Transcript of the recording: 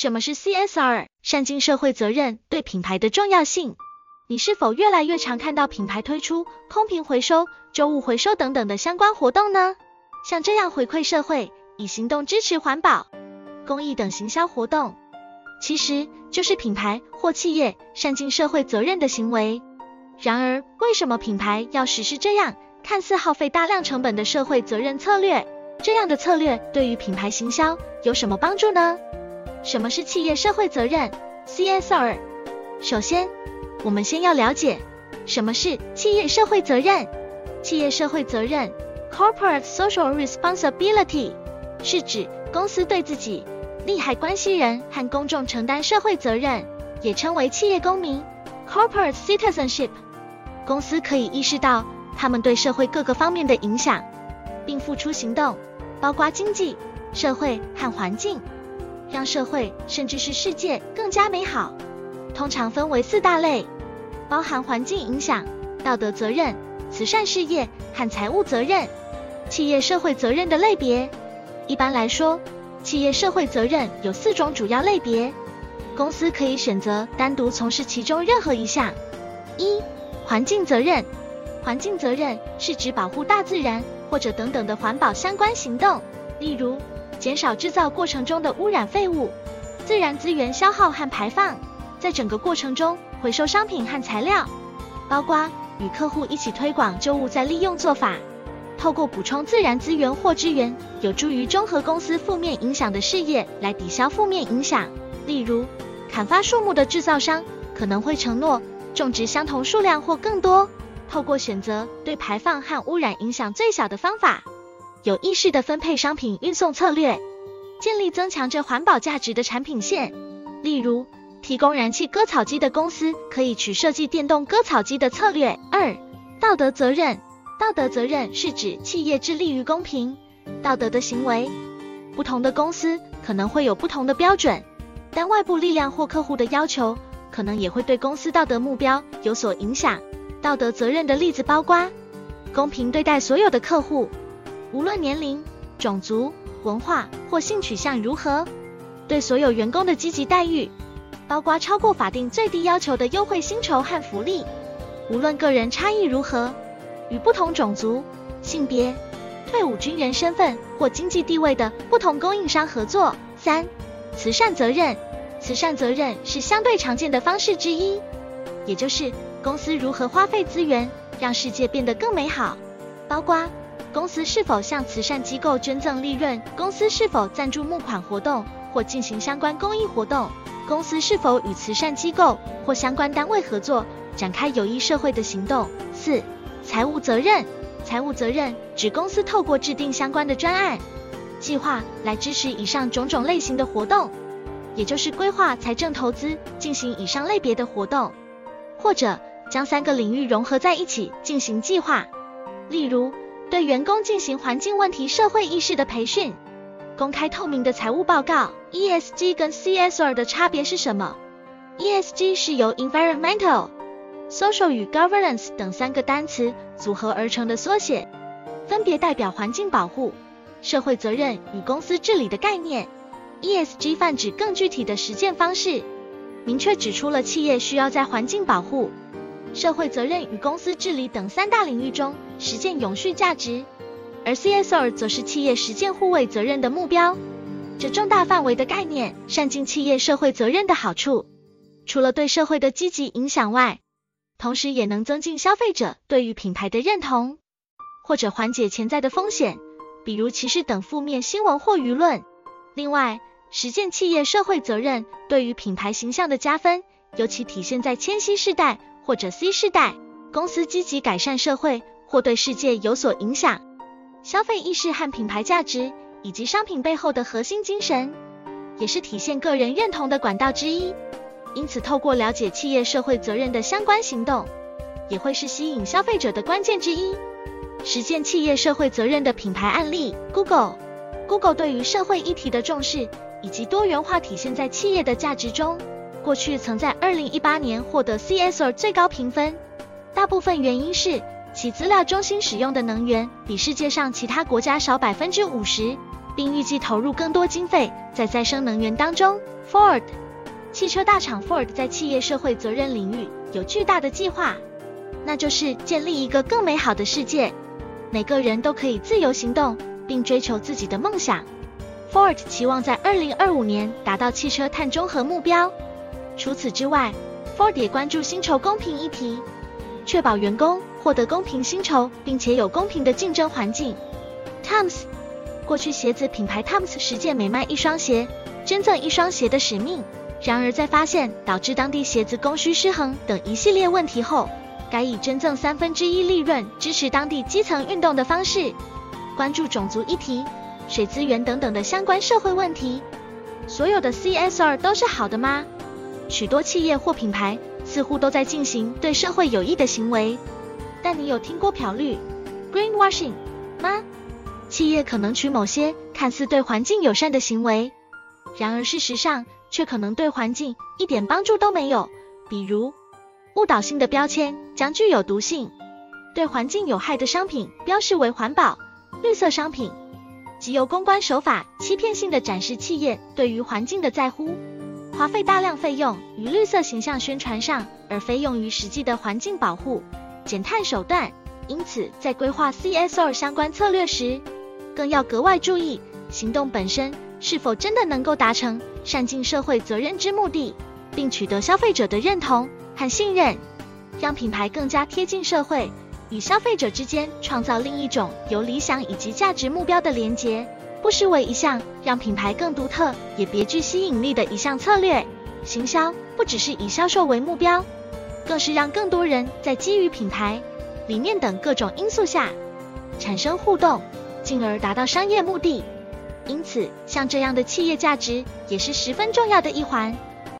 什麼是 CSR？善盡社會責任對品牌的重要性。你是否越來越常看到品牌推出空瓶回收、舊物回收等等的相關活動呢？像這樣回饋社會，以行動支持環保、公益等行銷活動，其實就是品牌或企業善盡社會責任的行為。然而，為什麼品牌要實施這樣看似耗費大量成本的社會責任策略？這樣的策略對於品牌行銷有什麼幫助呢？什麼是企業社會責任 （CSR）？首先，我們先要了解什麼是企業社會責任。企業社會責任 （Corporate Social Responsibility） 是指公司對自己、利害關係人和公眾承擔社會責任，也稱為企業公民 （Corporate Citizenship）。公司可以意識到他們對社會各個方面的影響，並付出行動，包括經濟、社會和環境。讓社會甚至是世界更加美好，通常分為四大類，包含環境影響、道德責任、慈善事業和財務責任。企業社會責任的類別，一般來說，企業社會責任有四種主要類別，公司可以選擇單獨從事其中任何一項。一、環境責任。環境責任是指保護大自然或者等等的環保相關行動，例如，減少制造過程中的污染廢物、自然資源消耗和排放，在整個過程中回收商品和材料，包括與客戶一起推廣舊物再利用做法。透過補充自然資源或支援有助於中和公司負面影響的事業來抵消負面影響，例如砍伐樹木的制造商可能會承諾種植相同數量或更多。透過選擇對排放和污染影響最小的方法。有意識地分配商品運送策略，建立增強着環保價值的產品線，例如提供燃氣割草機的公司可以取設計電動割草機的策略。二、道德責任。道德責任是指企業致力於公平道德的行為。不同的公司可能會有不同的標準，但外部力量或客戶的要求可能也會對公司道德目標有所影響。道德責任的例子包括公平對待所有的客戶。無論年齡、種族、文化或性取向如何，對所有員工的積極待遇，包括超過法定最低要求的優惠薪酬和福利。無論個人差異如何，與不同種族、性別、退伍軍人身份或經濟地位的不同供應商合作。三、慈善責任。慈善責任是相對常見的方式之一，也就是公司如何花費資源，讓世界變得更美好，包括。公司是否向慈善機構捐贈利潤？公司是否贊助募款活動或進行相關公益活動？公司是否與慈善機構或相關單位合作，展開有益社會的行動？四、財務責任。財務責任指公司透過制定相關的專案計劃，來支持以上種種類型的活動，也就是規劃財政投資，進行以上類別的活動，或者將三個領域融合在一起進行計劃。例如。對員工進行環境問題社會意識的培訓，公開透明的財務報告。ESG 跟 CSR 的差別是什麼？ESG 是由 environmental、social 與 governance 等三個單詞組合而成的縮寫，分別代表環境保護、社會責任與公司治理的概念。ESG 泛指更具體的實踐方式，明確指出了企業需要在環境保護、社會責任與公司治理等三大領域中。實踐永續價值，而 CSR 則是企業實踐護衛責任的目標。這重大範圍的概念，善盡企業社會責任的好處，除了對社會的積極影響外，同時也能增進消費者對於品牌的認同，或者緩解潛在的風險，比如歧視等負面新聞或輿論。另外，實踐企業社會責任對於品牌形象的加分，尤其體現在千禧世代或者 Z 世代，公司積極改善社會或對世界有所影響，消費意識和品牌價值以及商品背後的核心精神，也是體現個人認同的管道之一。因此，透過了解企業社會責任的相關行動，也會是吸引消費者的關鍵之一。實踐企業社會責任的品牌案例，Google，Google Google 對於社會議題的重視以及多元化體現在企業的價值中，過去曾在二零一八年獲得 CSR 最高評分，大部分原因是。其資料中心使用的能源比世界上其他國家少百分之五十，並預計投入更多經費在再生能源當中。Ford，汽車大廠 Ford 在企業社會責任領域有巨大的計劃，那就是建立一個更美好的世界，每個人都可以自由行動並追求自己的夢想。Ford 期望在二零二五年達到汽車碳中和目標。除此之外，Ford 也關注薪酬公平議題。確保員工獲得公平薪酬，並且有公平的競爭環境。TOMS，過去鞋子品牌 TOMS 實踐每賣一雙鞋，捐贈一雙鞋的使命。然而，在發現導致當地鞋子供需失衡等一系列問題後，改以捐贈三分之一利潤支持當地基層運動的方式，關注種族議題、水資源等等的相關社會問題。所有的 CSR 都是好的嗎？許多企業或品牌。似乎都在進行對社會有益的行為，但你有聽過漂綠 （greenwashing） 嗎？企業可能取某些看似對環境友善的行為，然而事實上卻可能對環境一點幫助都沒有。比如，誤導性的標籤將具有毒性、對環境有害的商品標示為環保、綠色商品，藉由公關手法欺騙性的展示企業對於環境的在乎。花費大量費用於綠色形象宣傳上，而非用於實際的環境保護、減碳手段。因此，在規劃 CSR 相關策略時，更要格外注意行動本身是否真的能夠達成善盡社會責任之目的，並取得消費者的認同和信任，讓品牌更加貼近社會與消費者之間，創造另一種由理想以及價值目標的連結。不失為一項讓品牌更獨特也別具吸引力的一項策略。行銷不只是以銷售為目標，更是讓更多人在基於品牌、理念等各種因素下產生互動，進而達到商業目的。因此，像這樣的企業價值也是十分重要的一環。